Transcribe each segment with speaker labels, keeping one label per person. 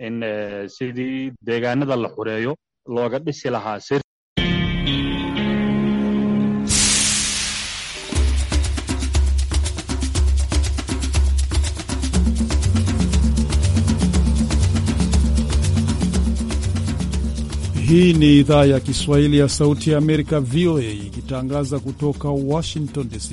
Speaker 1: in uh, sidii deegaanada la xureeyo looga dhisi lahaa sir.
Speaker 2: Hii ni idhaa ya Kiswahili ya Sauti ya Amerika, VOA, ikitangaza kutoka Washington DC.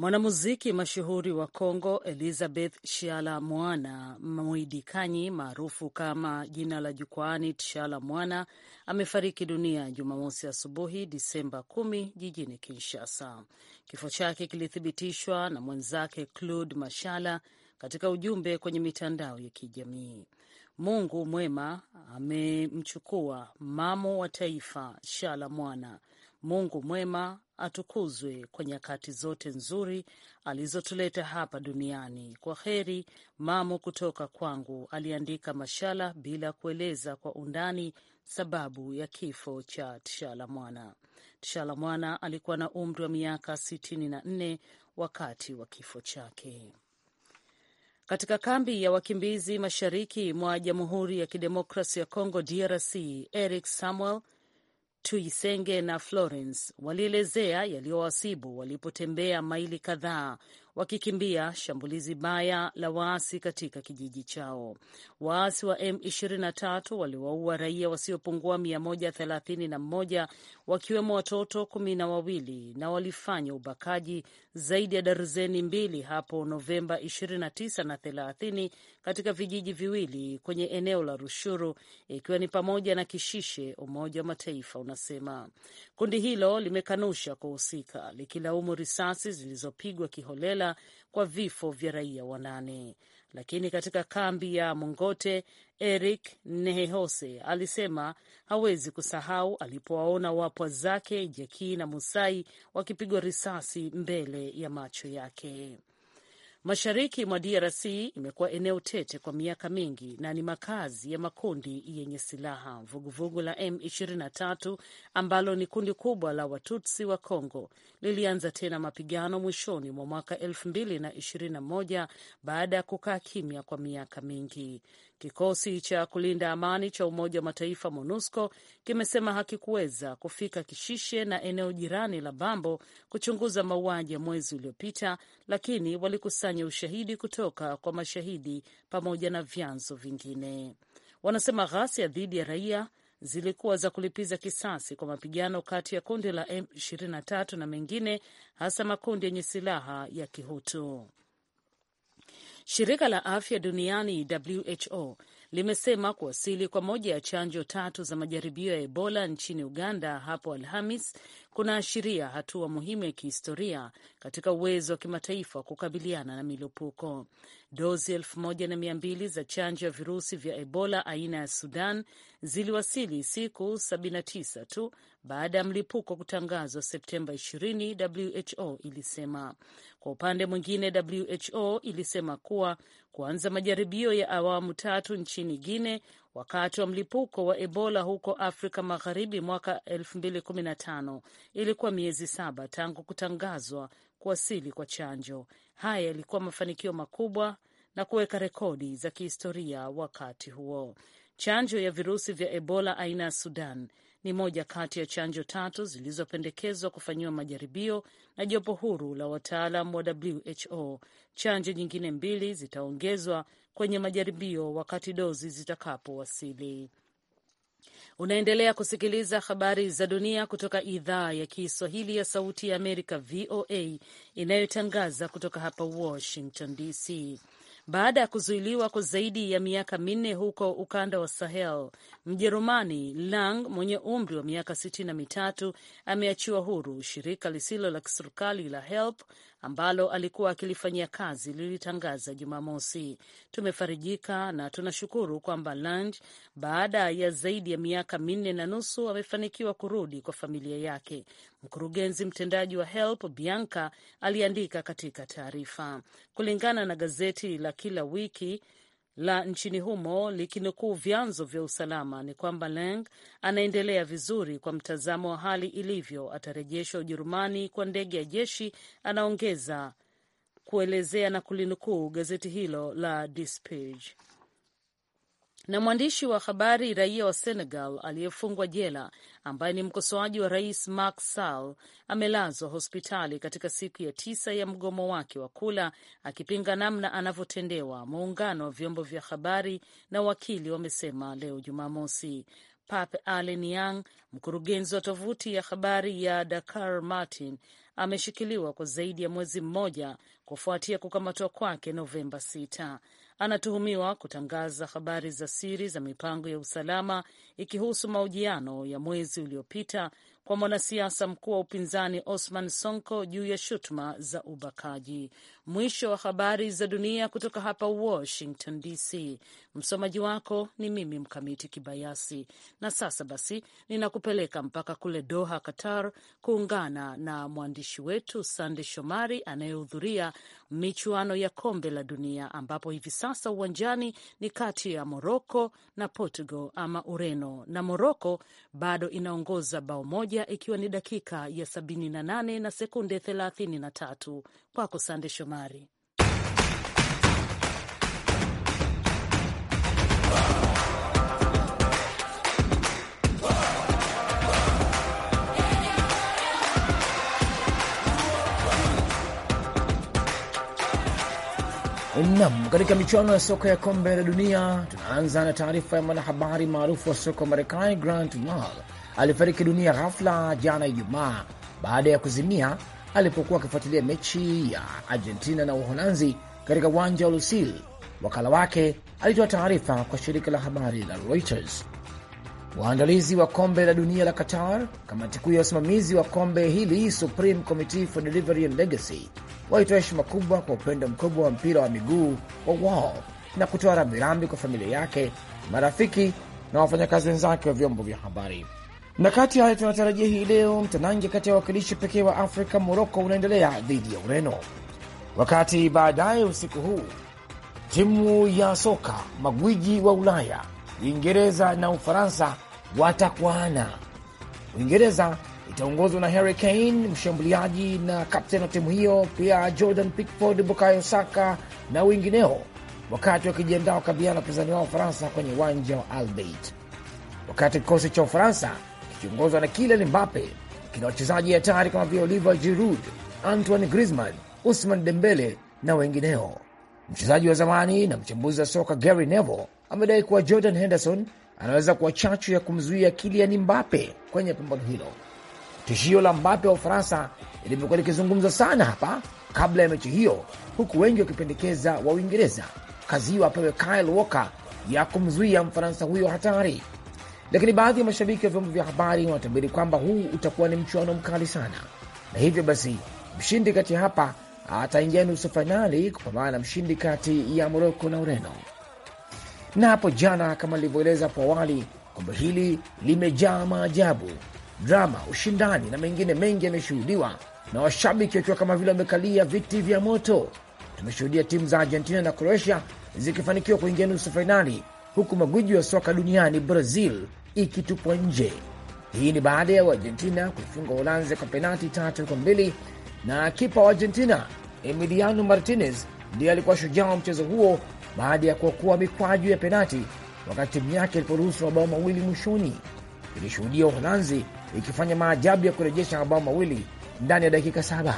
Speaker 3: Mwanamuziki mashuhuri wa congo Elizabeth Shiala Mwana mwidi kanyi maarufu kama jina la jukwaani Tshala Mwana amefariki dunia Jumamosi asubuhi Disemba kumi jijini Kinshasa. Kifo chake kilithibitishwa na mwenzake Claude Mashala katika ujumbe kwenye mitandao ya kijamii. Mungu mwema amemchukua mamo wa taifa Shala Mwana Mungu mwema atukuzwe kwa nyakati zote nzuri alizotuleta hapa duniani. Kwa heri mamo kutoka kwangu, aliandika Mashala bila kueleza kwa undani sababu ya kifo cha Tshalamwana. Mwana alikuwa na umri wa miaka 64 wakati wa kifo chake. Katika kambi ya wakimbizi mashariki mwa Jamhuri ya Kidemokrasi ya Kongo, DRC, Eric Samuel Tuisenge na Florence walielezea yaliyowasibu walipotembea maili kadhaa wakikimbia shambulizi baya la waasi katika kijiji chao. Waasi wa M23 waliwaua raia wasiopungua 131 wakiwemo watoto kumi na wawili na walifanya ubakaji zaidi ya darzeni mbili hapo Novemba 29 na 30 katika vijiji viwili kwenye eneo la Rushuru, ikiwa ni pamoja na Kishishe. Umoja wa Mataifa unasema kundi hilo limekanusha kuhusika, likilaumu risasi zilizopigwa kiholela kwa vifo vya raia wanane lakini katika kambi ya Mongote, Eric Nehehose alisema hawezi kusahau alipowaona wapwa zake Jeki na Musai wakipigwa risasi mbele ya macho yake. Mashariki mwa DRC imekuwa eneo tete kwa miaka mingi na ni makazi ya makundi yenye silaha. Vuguvugu la M23 ambalo ni kundi kubwa la Watutsi wa congo lilianza tena mapigano mwishoni mwa mwaka 2021 baada ya kukaa kimya kwa miaka mingi. Kikosi cha kulinda amani cha Umoja wa Mataifa MONUSCO kimesema hakikuweza kufika Kishishe na eneo jirani la Bambo kuchunguza mauaji ya mwezi uliopita, lakini walikusanya ushahidi kutoka kwa mashahidi pamoja na vyanzo vingine. Wanasema ghasia dhidi ya raia zilikuwa za kulipiza kisasi kwa mapigano kati ya kundi la M23 na mengine, hasa makundi yenye silaha ya Kihutu. Shirika la afya duniani WHO limesema kuwasili kwa moja ya chanjo tatu za majaribio ya Ebola nchini Uganda hapo Alhamis kunaashiria hatua muhimu ya kihistoria katika uwezo wa kimataifa wa kukabiliana na milipuko. Dozi elfu moja na mia mbili za chanjo ya virusi vya Ebola aina ya Sudan ziliwasili siku 79 tu baada ya mlipuko kutangazwa Septemba 20, WHO ilisema. Kwa upande mwingine, WHO ilisema kuwa kuanza majaribio ya awamu tatu nchini guine wakati wa mlipuko wa Ebola huko Afrika Magharibi mwaka 2015. Ilikuwa miezi saba tangu kutangazwa kuwasili kwa chanjo. Haya yalikuwa mafanikio makubwa na kuweka rekodi za kihistoria wakati huo. Chanjo ya virusi vya Ebola aina ya Sudan ni moja kati ya chanjo tatu zilizopendekezwa kufanyiwa majaribio na jopo huru la wataalam wa WHO. Chanjo nyingine mbili zitaongezwa kwenye majaribio wakati dozi zitakapowasili. Unaendelea kusikiliza habari za dunia kutoka idhaa ya Kiswahili ya Sauti ya Amerika, VOA, inayotangaza kutoka hapa Washington DC baada ya kuzuiliwa kwa zaidi ya miaka minne huko ukanda wa Sahel. Mjerumani Lang mwenye umri wa miaka sitini na mitatu ameachiwa huru. Shirika lisilo la kiserikali la HELP ambalo alikuwa akilifanyia kazi lilitangaza Jumamosi. Tumefarijika na tunashukuru kwamba Lange baada ya zaidi ya miaka minne na nusu amefanikiwa kurudi kwa familia yake, mkurugenzi mtendaji wa HELP Bianca aliandika katika taarifa, kulingana na gazeti la kila wiki la nchini humo likinukuu vyanzo vya usalama ni kwamba Leng anaendelea vizuri kwa mtazamo wa hali ilivyo, atarejeshwa Ujerumani kwa ndege ya jeshi, anaongeza kuelezea na kulinukuu gazeti hilo la Dispatch na mwandishi wa habari raia wa Senegal aliyefungwa jela ambaye ni mkosoaji wa rais Macky Sall amelazwa hospitali katika siku ya tisa ya mgomo wake wa kula akipinga namna anavyotendewa, muungano wa vyombo vya habari na wakili wamesema leo Jumamosi. Pape Allen Yang, mkurugenzi wa tovuti ya habari ya Dakar Martin, ameshikiliwa kwa zaidi ya mwezi mmoja kufuatia kukamatwa kwake Novemba 6 anatuhumiwa kutangaza habari za siri za mipango ya usalama ikihusu maojiano ya mwezi uliopita kwa mwanasiasa mkuu wa upinzani Osman Sonko juu ya shutuma za ubakaji. Mwisho wa habari za dunia kutoka hapa Washington DC. Msomaji wako ni mimi Mkamiti Kibayasi, na sasa basi ninakupeleka mpaka kule Doha, Qatar, kuungana na mwandishi wetu Sande Shomari anayehudhuria michuano ya kombe la dunia, ambapo hivi sasa uwanjani ni kati ya Moroko na Portugal ama Ureno, na Moroko bado inaongoza bao moja moja ikiwa ni dakika ya sabini na nane na sekunde thelathini na tatu. Kwako Sande Shomari.
Speaker 4: Nam, katika michuano ya soka ya kombe la dunia tunaanza na taarifa ya mwanahabari maarufu wa soka wa Marekani Grant Wall alifariki dunia ghafla jana Ijumaa baada ya kuzimia alipokuwa akifuatilia mechi ya Argentina na Uholanzi katika uwanja wa Lusail. Wakala wake alitoa taarifa kwa shirika la habari la Reuters. Waandalizi wa kombe la dunia la Qatar, kamati kuu ya wasimamizi wa kombe hili Supreme Committee for Delivery and Legacy, walitoa heshima kubwa kwa upendo mkubwa wa mpira wa miguu wa wao na kutoa rambirambi kwa familia yake, marafiki na wafanyakazi wenzake wa vyombo vya habari. Na kati hayo tunatarajia hii leo mtanange kati ya wakilishi pekee wa Afrika Moroko unaendelea dhidi ya Ureno, wakati baadaye usiku huu timu ya soka magwiji wa Ulaya Uingereza na Ufaransa watakwana. Uingereza itaongozwa na Harry Kane, mshambuliaji na kapteni wa timu hiyo, pia Jordan Pickford, Bukayo Saka na wengineo, wakati wakijiandaa kukabiliana na wao Ufaransa kwenye uwanja wa Albert, wakati kikosi cha Ufaransa ikiongozwa na Kylian Mbappe, kina wachezaji hatari kama vile olive Giroud, Antoine Griezmann, Usman Dembele na wengineo. Mchezaji wa zamani na mchambuzi wa soka Gary Neville amedai kuwa Jordan Henderson anaweza kuwa chachu ya kumzuia Kylian Mbappe kwenye pambano hilo. Tishio la Mbappe wa Ufaransa limekuwa likizungumzwa sana hapa kabla ya mechi hiyo, huku wengi wakipendekeza wa Uingereza kazi hiyo apewe Kyle Walker ya kumzuia Mfaransa huyo hatari lakini baadhi ya mashabiki wa vyombo vya habari wanatabiri kwamba huu utakuwa ni mchuano mkali sana, na hivyo basi mshindi kati ya hapa ataingia nusu fainali kupambana na mshindi kati ya Moroko na Ureno. Na hapo jana, kama nilivyoeleza hapo awali, kombe hili limejaa maajabu, drama, ushindani na mengine mengi yameshuhudiwa na washabiki wakiwa kama vile wamekalia viti vya moto. Tumeshuhudia timu za Argentina na Croatia zikifanikiwa kuingia nusu fainali huku magwiji wa soka duniani Brazil ikitupwa nje. Hii ni baada ya Argentina kuifunga Uholanzi kwa penalti tatu kwa mbili na kipa wa Argentina Emiliano Martinez ndiye alikuwa shujaa wa mchezo huo baada ya kuokoa mikwaju ya penalti wakati timu yake iliporuhusu mabao mawili mwishoni. Ilishuhudia Uholanzi ikifanya maajabu ya kurejesha mabao mawili ndani ya dakika saba,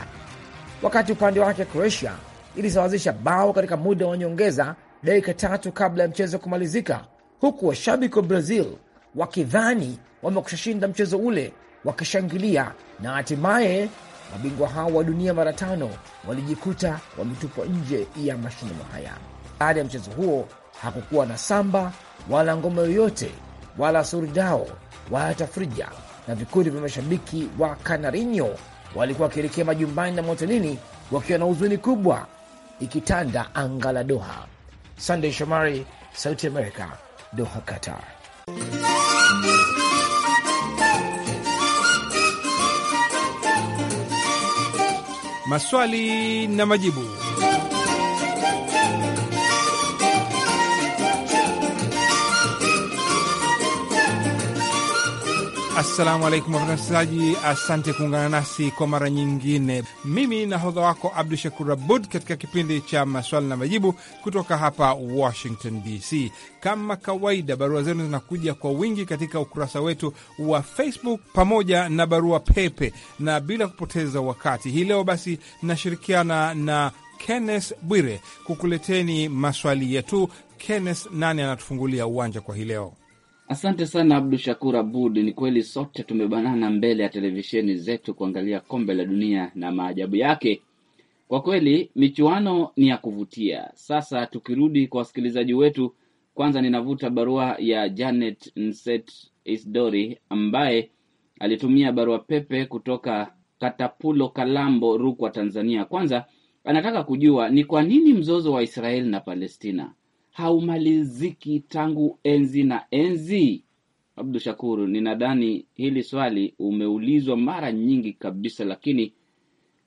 Speaker 4: wakati upande wake Croatia ilisawazisha bao katika muda wa nyongeza dakika tatu kabla ya mchezo kumalizika, huku washabiki wa Brazil wakidhani wamekushashinda mchezo ule wakishangilia, na hatimaye mabingwa hao wa dunia mara tano walijikuta wametupwa nje ya mashindano haya. Baada ya mchezo huo hakukuwa na samba wala ngoma yoyote wala suridao wala tafrija, na vikundi vya mashabiki wa Canarinho walikuwa wakielekea majumbani na motelini wakiwa na huzuni kubwa ikitanda anga la Doha. Sandey Shomari, Sauti Amerika, Doha, Qatar.
Speaker 5: Maswali na majibu. Assalamu alaikum wapenzi asante kuungana nasi kwa mara nyingine. Mimi nahodha wako Abdu Shakur Abud katika kipindi cha maswali na majibu kutoka hapa Washington DC. Kama kawaida, barua zenu zinakuja kwa wingi katika ukurasa wetu wa Facebook pamoja na barua pepe, na bila kupoteza wakati hii leo basi nashirikiana na Kenneth Bwire kukuleteni maswali yetu. Kenneth, nani anatufungulia uwanja kwa hii leo? Asante
Speaker 6: sana Abdu Shakur Abud. Ni kweli sote tumebanana mbele ya televisheni zetu kuangalia kombe la dunia na maajabu yake. Kwa kweli michuano ni ya kuvutia. Sasa tukirudi kwa wasikilizaji wetu, kwanza ninavuta barua ya Janet Nset Isdori ambaye alitumia barua pepe kutoka Katapulo, Kalambo, Rukwa, Tanzania. Kwanza anataka kujua ni kwa nini mzozo wa Israeli na Palestina haumaliziki tangu enzi na enzi? Abdu Shakuru, ninadhani hili swali umeulizwa mara nyingi kabisa, lakini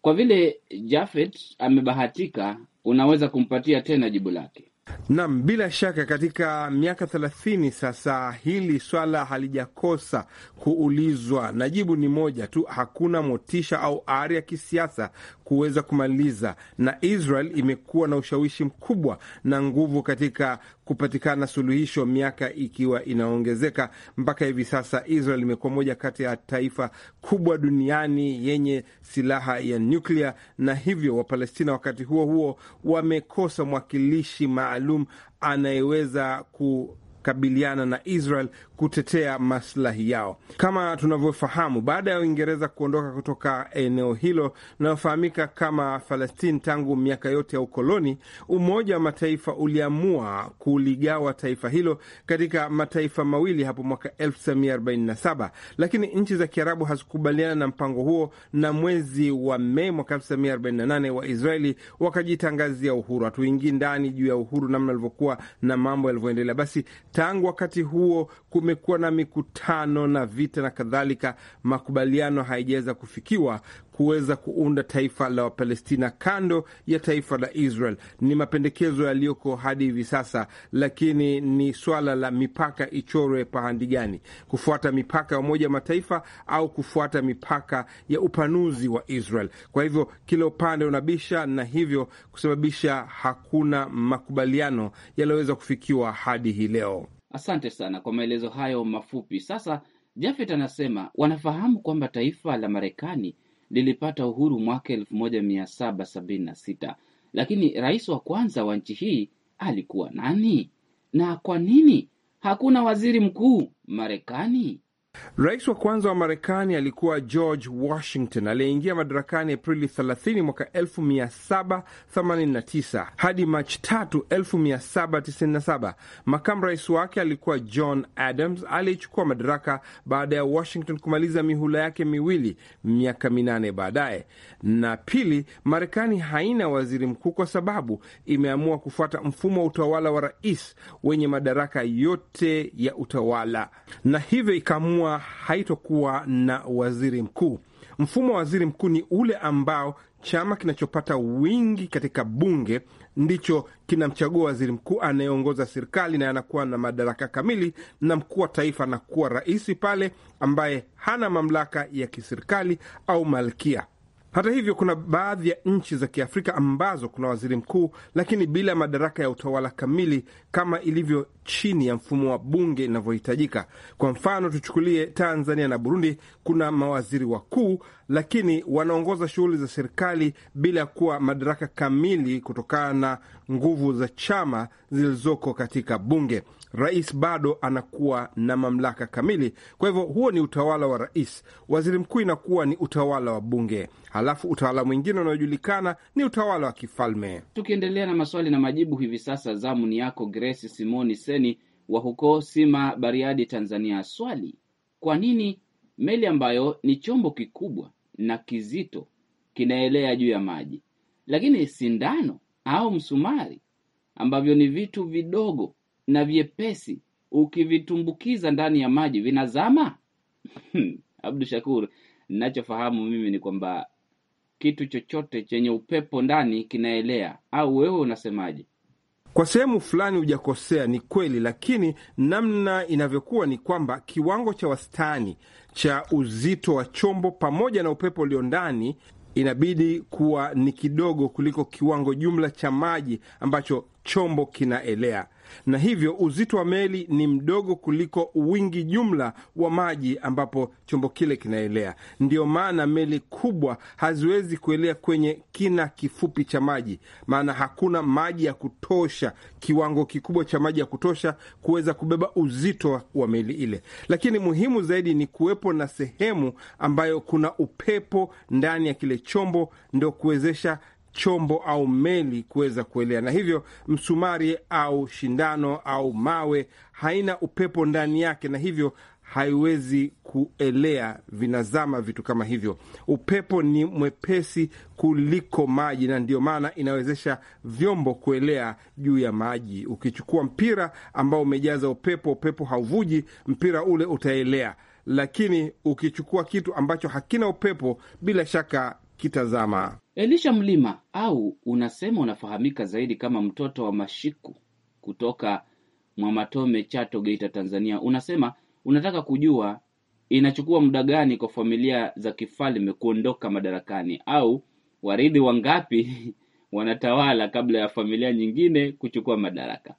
Speaker 6: kwa vile Jafet amebahatika, unaweza kumpatia tena jibu lake.
Speaker 5: Nam, bila shaka katika miaka thelathini sasa hili swala halijakosa kuulizwa, na jibu ni moja tu: hakuna motisha au ari ya kisiasa kuweza kumaliza, na Israel imekuwa na ushawishi mkubwa na nguvu katika kupatikana suluhisho, miaka ikiwa inaongezeka. Mpaka hivi sasa Israel imekuwa moja kati ya taifa kubwa duniani yenye silaha ya nyuklia, na hivyo Wapalestina wakati huo huo wamekosa mwakilishi maalum anayeweza ku kabiliana na Israel kutetea maslahi yao. Kama tunavyofahamu, baada ya Uingereza kuondoka kutoka eneo hilo linalofahamika kama Palestine tangu miaka yote ya ukoloni, Umoja wa Mataifa uliamua kuligawa taifa hilo katika mataifa mawili hapo mwaka 1947 lakini nchi za Kiarabu hazikubaliana na mpango huo, na mwezi wa Mei mwaka 1948 Waisraeli wakajitangazia uhuru. Hatuingii ndani juu ya uhuru, namna alivyokuwa na mambo yalivyoendelea. Basi tangu wakati huo kumekuwa na mikutano na vita na kadhalika, makubaliano haijaweza kufikiwa kuweza kuunda taifa la Wapalestina kando ya taifa la Israel. Ni mapendekezo yaliyoko hadi hivi sasa, lakini ni swala la mipaka ichorwe pahandi gani, kufuata mipaka ya Umoja wa Mataifa au kufuata mipaka ya upanuzi wa Israel. Kwa hivyo kila upande unabisha, na hivyo kusababisha hakuna makubaliano yaliyoweza kufikiwa hadi hii leo.
Speaker 6: Asante sana kwa maelezo hayo mafupi. Sasa Jafet anasema wanafahamu kwamba taifa la Marekani lilipata uhuru mwaka elfu moja mia saba sabini na sita, lakini rais wa kwanza wa nchi hii alikuwa nani na kwa nini hakuna waziri mkuu Marekani?
Speaker 5: Rais wa kwanza wa Marekani alikuwa George Washington aliyeingia madarakani Aprili 30 mwaka 1789 hadi Machi 3, 1797. Makamu rais wake alikuwa John Adams aliyechukua madaraka baada ya Washington kumaliza mihula yake miwili miaka minane baadaye. Na pili, Marekani haina waziri mkuu kwa sababu imeamua kufuata mfumo wa utawala wa rais wenye madaraka yote ya utawala, na hivyo ikaamua ikiamua haitokuwa na waziri mkuu. Mfumo wa waziri mkuu ni ule ambao chama kinachopata wingi katika bunge ndicho kinamchagua waziri mkuu anayeongoza serikali na anakuwa na madaraka kamili, na mkuu wa taifa anakuwa rais pale, ambaye hana mamlaka ya kiserikali au malkia. Hata hivyo, kuna baadhi ya nchi za Kiafrika ambazo kuna waziri mkuu lakini bila madaraka ya utawala kamili kama ilivyo chini ya mfumo wa bunge inavyohitajika. Kwa mfano, tuchukulie Tanzania na Burundi, kuna mawaziri wakuu lakini wanaongoza shughuli za serikali bila ya kuwa madaraka kamili kutokana na nguvu za chama zilizoko katika bunge. Rais bado anakuwa na mamlaka kamili. Kwa hivyo huo ni utawala wa rais. Waziri mkuu inakuwa ni utawala wa bunge, halafu utawala mwingine unaojulikana ni utawala wa kifalme.
Speaker 6: Tukiendelea na maswali na majibu hivi sasa, zamu ni yako Grace Simoni Seni wa huko Sima, Bariadi, Tanzania. Swali, kwa nini Meli ambayo ni chombo kikubwa na kizito kinaelea juu ya maji, lakini sindano au msumari ambavyo ni vitu vidogo na vyepesi, ukivitumbukiza ndani ya maji vinazama. Hmm, Abdu Shakur, ninachofahamu mimi ni kwamba kitu chochote chenye upepo ndani kinaelea, au wewe unasemaje?
Speaker 5: Kwa sehemu fulani hujakosea, ni kweli, lakini namna inavyokuwa ni kwamba kiwango cha wastani cha uzito wa chombo pamoja na upepo ulio ndani inabidi kuwa ni kidogo kuliko kiwango jumla cha maji ambacho chombo kinaelea na hivyo uzito wa meli ni mdogo kuliko wingi jumla wa maji ambapo chombo kile kinaelea. Ndiyo maana meli kubwa haziwezi kuelea kwenye kina kifupi cha maji, maana hakuna maji ya kutosha, kiwango kikubwa cha maji ya kutosha kuweza kubeba uzito wa meli ile. Lakini muhimu zaidi ni kuwepo na sehemu ambayo kuna upepo ndani ya kile chombo, ndo kuwezesha chombo au meli kuweza kuelea, na hivyo msumari au shindano au mawe haina upepo ndani yake, na hivyo haiwezi kuelea, vinazama vitu kama hivyo. Upepo ni mwepesi kuliko maji, na ndiyo maana inawezesha vyombo kuelea juu ya maji. Ukichukua mpira ambao umejaza upepo, upepo hauvuji, mpira ule utaelea, lakini ukichukua kitu ambacho hakina upepo, bila shaka kitazama. Elisha Mlima
Speaker 6: au unasema unafahamika zaidi kama mtoto wa Mashiku kutoka Mwamatome, Chato, Geita, Tanzania, unasema unataka kujua inachukua muda gani kwa familia za kifalme kuondoka madarakani au warithi wangapi wanatawala kabla ya familia nyingine kuchukua madaraka.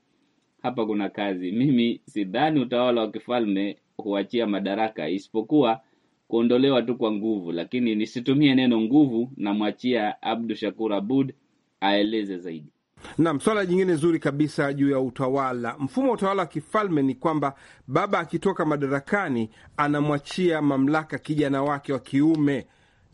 Speaker 6: Hapa kuna kazi. Mimi sidhani utawala wa kifalme huachia madaraka, isipokuwa kuondolewa tu kwa nguvu, lakini nisitumie neno nguvu, namwachia Abdu Shakur Abud aeleze zaidi.
Speaker 5: Naam, swala jingine zuri kabisa juu ya utawala, mfumo wa utawala wa kifalme ni kwamba baba akitoka madarakani anamwachia mamlaka kijana wake wa kiume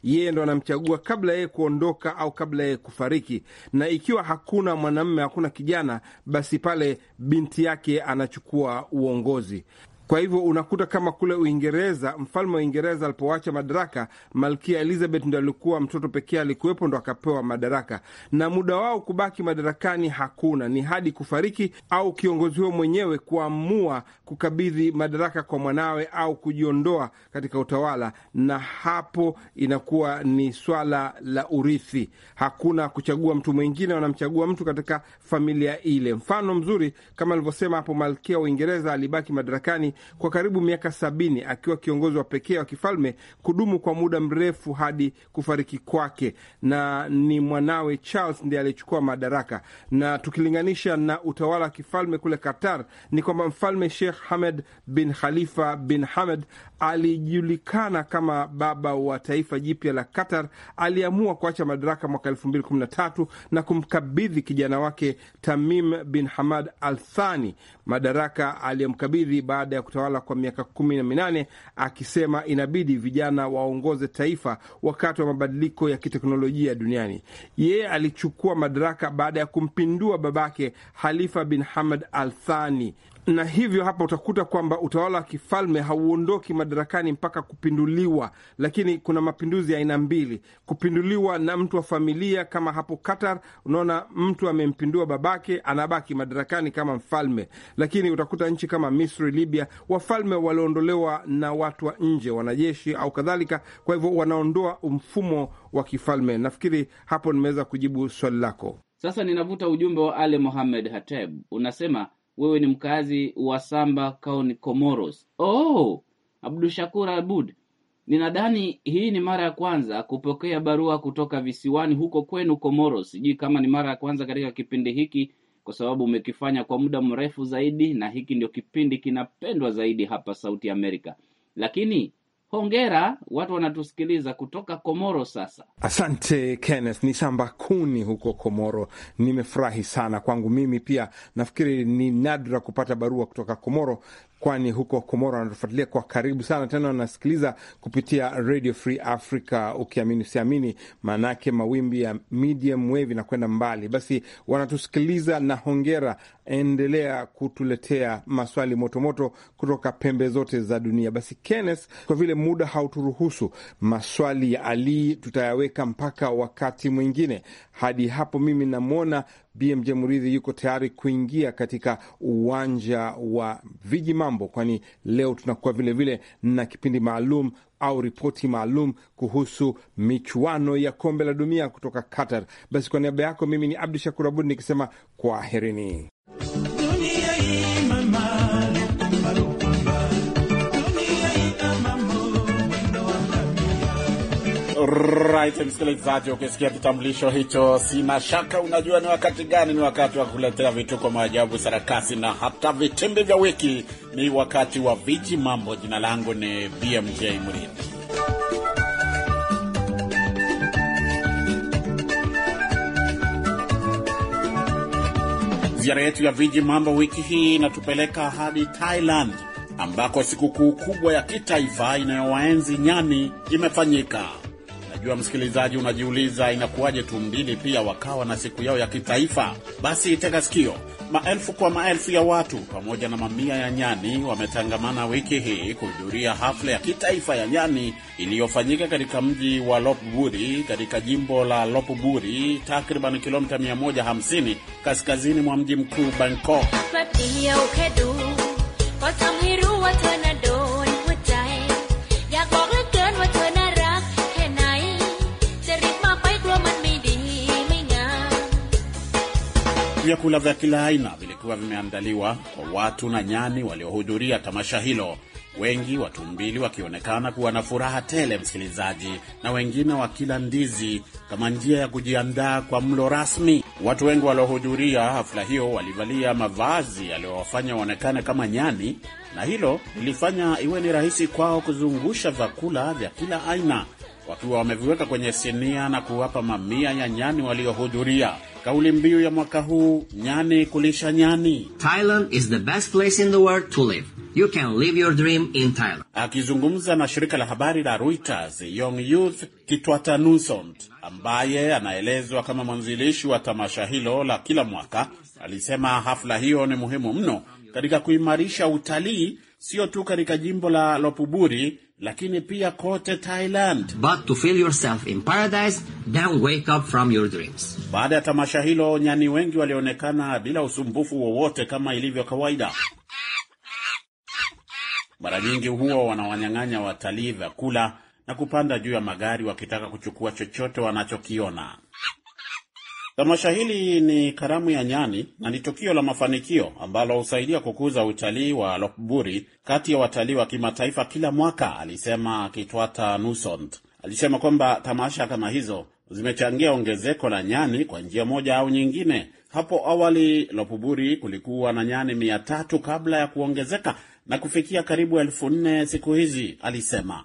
Speaker 5: yeye ndo anamchagua kabla yeye kuondoka au kabla yeye kufariki. Na ikiwa hakuna mwanamme, hakuna kijana, basi pale binti yake anachukua uongozi. Kwa hivyo unakuta kama kule Uingereza, mfalme wa Uingereza alipowacha madaraka, malkia Elizabeth ndo alikuwa mtoto pekee alikuwepo, ndo akapewa madaraka, na muda wao kubaki madarakani hakuna, ni hadi kufariki au kiongozi huo mwenyewe kuamua kukabidhi madaraka kwa mwanawe au kujiondoa katika utawala, na hapo inakuwa ni swala la urithi. Hakuna kuchagua mtu mwingine, wanamchagua mtu katika familia ile. Mfano mzuri kama alivyosema hapo, malkia wa Uingereza alibaki madarakani kwa karibu miaka sabini akiwa kiongozi wa pekee wa kifalme kudumu kwa muda mrefu hadi kufariki kwake, na ni mwanawe Charles ndiye aliyechukua madaraka. Na tukilinganisha na utawala wa kifalme kule Qatar, ni kwamba mfalme Sheikh Hamed bin Khalifa bin Hamed alijulikana kama baba wa taifa jipya la Qatar aliamua kuacha madaraka mwaka 2013 na kumkabidhi kijana wake Tamim bin Hamad Al Thani madaraka aliyomkabidhi baada ya kutawala kwa miaka kumi na minane, akisema inabidi vijana waongoze taifa wakati wa mabadiliko ya kiteknolojia duniani. Yeye alichukua madaraka baada ya kumpindua babake Halifa bin Hamad Al Thani na hivyo hapa utakuta kwamba utawala wa kifalme hauondoki madarakani mpaka kupinduliwa, lakini kuna mapinduzi ya aina mbili: kupinduliwa na mtu wa familia, kama hapo Qatar. Unaona, mtu amempindua babake, anabaki madarakani kama mfalme, lakini utakuta nchi kama Misri, Libya, wafalme waliondolewa na watu wa nje, wanajeshi au kadhalika. Kwa hivyo wanaondoa mfumo wa kifalme. Nafikiri hapo nimeweza kujibu swali lako.
Speaker 6: Sasa ninavuta ujumbe wa Ale Mohamed Hateb, unasema wewe ni mkazi wa Samba County, Comoros. Oh, Shakur Abud, ninadhani hii ni mara ya kwanza kupokea barua kutoka visiwani huko kwenu Comoros. Sijui kama ni mara ya kwanza katika kipindi hiki, kwa sababu umekifanya kwa muda mrefu zaidi, na hiki ndio kipindi kinapendwa zaidi hapa Sauti Amerika. Lakini Hongera, watu wanatusikiliza kutoka Komoro. Sasa
Speaker 5: asante Kenneth, ni Samba Kuni huko Komoro. Nimefurahi sana kwangu mimi pia, nafikiri ni nadra kupata barua kutoka Komoro, kwani huko Komoro wanatufuatilia kwa karibu sana, tena wanasikiliza kupitia Radio Free Africa. Ukiamini usiamini, maanake mawimbi ya medium wave inakwenda mbali. Basi wanatusikiliza na hongera, endelea kutuletea maswali motomoto kutoka pembe zote za dunia. Basi Kenneth, kwa vile muda hauturuhusu, maswali ya Ali tutayaweka mpaka wakati mwingine. Hadi hapo mimi namwona BMJ Muridhi yuko tayari kuingia katika uwanja wa viji mambo, kwani leo tunakuwa vilevile na kipindi maalum au ripoti maalum kuhusu michuano ya kombe la dunia kutoka Qatar. Basi kwa niaba yako mimi ni Abdu Shakur Abud nikisema kwaherini.
Speaker 1: Right, msikilizaji, ukisikia kitambulisho hicho, sina shaka unajua ni wakati gani. Ni wakati wa kuletea vituko, maajabu, sarakasi na hata vitimbi vya wiki. Ni wakati wa viji mambo. Jina langu ni BMJ Mridhi. Ziara yetu ya viji mambo wiki hii inatupeleka hadi Thailand ambako sikukuu kubwa ya kitaifa inayowaenzi nyani imefanyika. Jua msikilizaji unajiuliza inakuwaje tumbili pia wakawa na siku yao ya kitaifa? Basi tega sikio. Maelfu kwa maelfu ya watu pamoja na mamia ya nyani wametangamana wiki hii kuhudhuria hafla ya kitaifa ya nyani iliyofanyika katika mji wa Lopburi katika jimbo la Lopburi, takriban kilomita 150 kaskazini mwa mji mkuu Bangkok. vyakula vya kila aina vilikuwa vimeandaliwa kwa watu na nyani waliohudhuria tamasha hilo, wengi watumbili wakionekana kuwa na furaha tele, msikilizaji, na wengine wakila ndizi kama njia ya kujiandaa kwa mlo rasmi. Watu wengi waliohudhuria hafla hiyo walivalia mavazi yaliyowafanya waonekane kama nyani, na hilo lilifanya iwe ni rahisi kwao kuzungusha vyakula vya kila aina wakiwa wameviweka kwenye sinia na kuwapa mamia ya nyani waliohudhuria. Kauli mbiu ya mwaka huu nyani kulisha nyani. Thailand is the best place in the world to live. You can live your dream in Thailand. Akizungumza na shirika la habari la Reuters, Young Youth Kitwata Nusont ambaye anaelezwa kama mwanzilishi wa tamasha hilo la kila mwaka alisema hafla hiyo ni muhimu mno katika kuimarisha utalii sio tu katika jimbo la lopuburi lakini pia kote Thailand. But to feel yourself in paradise, then wake up from your dreams. Baada ya tamasha hilo, nyani wengi walionekana bila usumbufu wowote kama ilivyo kawaida. Mara nyingi huwa wanawanyang'anya watalii vyakula na kupanda juu ya magari wakitaka kuchukua chochote wanachokiona. Tamasha hili ni karamu ya nyani na ni tukio la mafanikio ambalo husaidia kukuza utalii wa Lopburi kati ya watalii wa kimataifa kila mwaka, alisema Kitwata Nusond. Alisema kwamba tamasha kama hizo zimechangia ongezeko la nyani kwa njia moja au nyingine. Hapo awali lopuburi kulikuwa na nyani mia tatu kabla ya kuongezeka na kufikia karibu elfu nne siku hizi, alisema.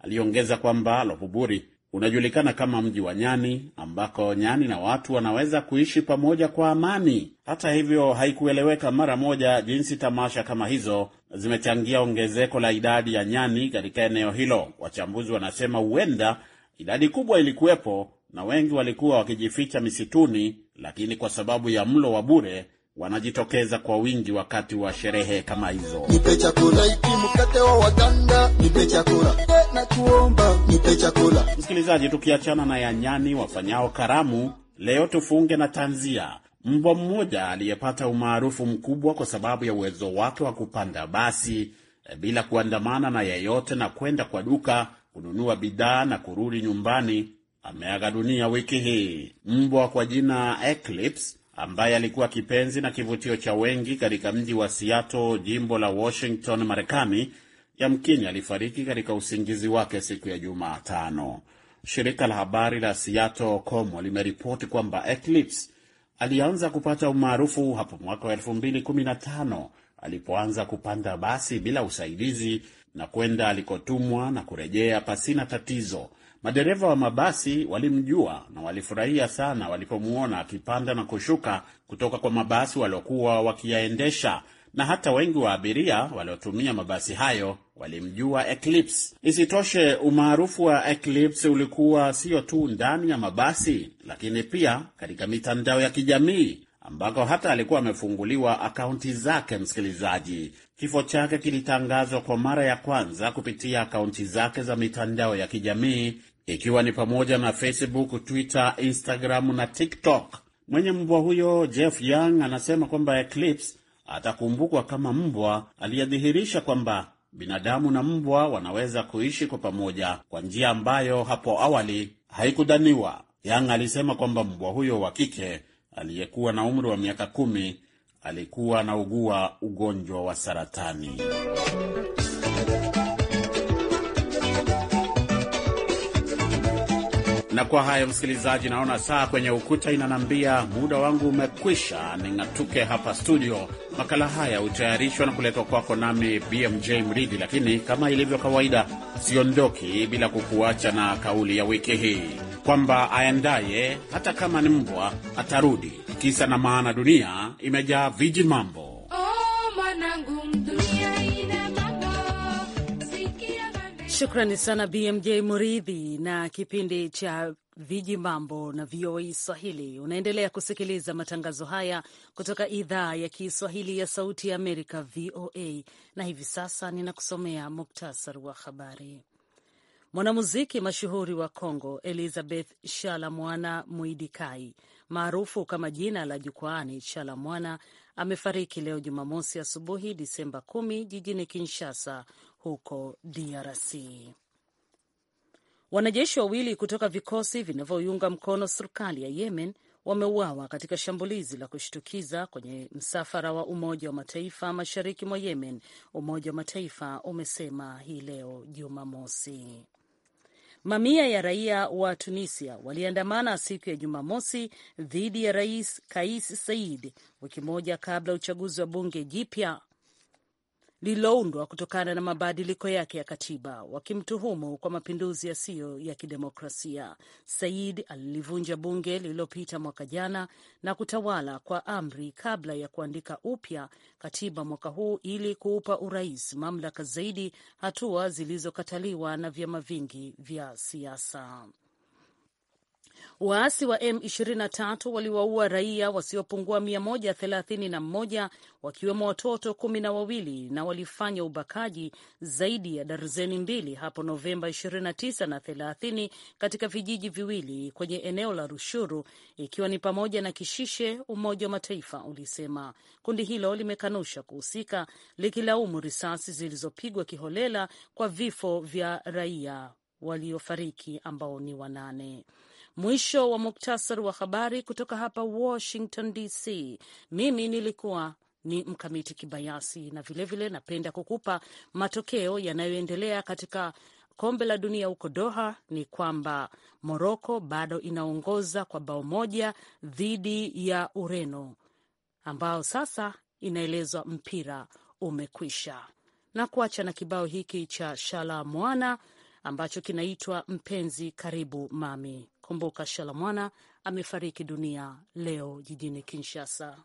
Speaker 1: Aliongeza kwamba Lopburi unajulikana kama mji wa nyani, ambako nyani na watu wanaweza kuishi pamoja kwa amani. Hata hivyo, haikueleweka mara moja jinsi tamasha kama hizo zimechangia ongezeko la idadi ya nyani katika eneo hilo. Wachambuzi wanasema huenda idadi kubwa ilikuwepo na wengi walikuwa wakijificha misituni, lakini kwa sababu ya mlo wa bure wanajitokeza kwa wingi wakati wa sherehe kama hizo. Nipe chakula, iki mkate wa Waganda, nipe chakula na kuomba, nipe chakula. Msikilizaji, tukiachana na yanyani wafanyao karamu, leo tufunge na tanzia. Mbwa mmoja aliyepata umaarufu mkubwa kwa sababu ya uwezo wake wa kupanda basi e, bila kuandamana na yeyote na kwenda kwa duka kununua bidhaa na kurudi nyumbani ameaga dunia wiki hii. Mbwa kwa jina Eclipse ambaye alikuwa kipenzi na kivutio cha wengi katika mji wa Seattle, jimbo la Washington, Marekani, yamkini alifariki katika usingizi wake siku ya Jumatano. Shirika la habari la Seattle Como limeripoti kwamba Eclipse alianza kupata umaarufu hapo mwaka wa 2015 alipoanza kupanda basi bila usaidizi na kwenda alikotumwa na kurejea pasina tatizo Madereva wa mabasi walimjua na walifurahia sana walipomwona akipanda na kushuka kutoka kwa mabasi waliokuwa wakiyaendesha, na hata wengi wa abiria waliotumia mabasi hayo walimjua Eclipse. Isitoshe, umaarufu wa Eclipse ulikuwa sio tu ndani ya mabasi, lakini pia katika mitandao ya kijamii ambako hata alikuwa amefunguliwa akaunti zake. Msikilizaji, kifo chake kilitangazwa kwa mara ya kwanza kupitia akaunti zake za mitandao ya kijamii ikiwa ni pamoja na Facebook, Twitter, Instagram na TikTok. Mwenye mbwa huyo Jeff Young anasema kwamba Eclipse atakumbukwa kama mbwa aliyedhihirisha kwamba binadamu na mbwa wanaweza kuishi kwa pamoja kwa njia ambayo hapo awali haikudhaniwa. Young alisema kwamba mbwa huyo wa kike aliyekuwa na umri wa miaka kumi alikuwa anaugua ugonjwa wa saratani. Na kwa hayo, msikilizaji, naona saa kwenye ukuta inanambia muda wangu umekwisha, ning'atuke hapa studio. Makala haya hutayarishwa na kuletwa kwako nami BMJ Mridhi, lakini kama ilivyo kawaida, siondoki bila kukuacha na kauli ya wiki hii kwamba aendaye hata kama ni mbwa atarudi. Kisa na maana, dunia imejaa viji mambo.
Speaker 6: Oh,
Speaker 3: Shukrani sana BMJ Muridhi na kipindi cha Viji Mambo na VOA Swahili. Unaendelea kusikiliza matangazo haya kutoka idhaa ya Kiswahili ya Sauti ya Amerika, VOA, na hivi sasa ninakusomea muktasari wa habari. Mwanamuziki mashuhuri wa Congo Elizabeth Shalamwana Muidikai maarufu kama jina la jukwaani Shalamwana amefariki leo Jumamosi asubuhi Disemba 10 jijini Kinshasa huko DRC. Wanajeshi wawili kutoka vikosi vinavyoiunga mkono serikali ya Yemen wameuawa katika shambulizi la kushtukiza kwenye msafara wa Umoja wa Mataifa mashariki mwa Yemen, Umoja wa Mataifa umesema hii leo Jumamosi. Mamia ya raia wa Tunisia waliandamana siku ya Jumamosi dhidi ya Rais Kais Saied wiki moja kabla uchaguzi wa bunge jipya lililoundwa kutokana na mabadiliko yake ya katiba, wakimtuhumu kwa mapinduzi yasiyo ya kidemokrasia. Said alilivunja bunge lililopita mwaka jana na kutawala kwa amri kabla ya kuandika upya katiba mwaka huu ili kuupa urais mamlaka zaidi, hatua zilizokataliwa na vyama vingi vya siasa. Waasi wa M23 waliwaua raia wasiopungua 131 wakiwemo watoto kumi na wawili na walifanya ubakaji zaidi ya darzeni mbili hapo Novemba 29 na 30 katika vijiji viwili kwenye eneo la Rushuru, ikiwa ni pamoja na Kishishe. Umoja wa Mataifa ulisema kundi hilo limekanusha kuhusika, likilaumu risasi zilizopigwa kiholela kwa vifo vya raia waliofariki ambao ni wanane. Mwisho wa muktasari wa habari kutoka hapa Washington DC. Mimi nilikuwa ni Mkamiti Kibayasi, na vilevile vile napenda kukupa matokeo yanayoendelea katika kombe la dunia huko Doha ni kwamba Moroko bado inaongoza kwa bao moja dhidi ya Ureno, ambao sasa inaelezwa mpira umekwisha, na kuacha na kibao hiki cha Shala Mwana ambacho kinaitwa Mpenzi Karibu Mami. Kumbuka Shalamwana amefariki dunia leo jijini Kinshasa.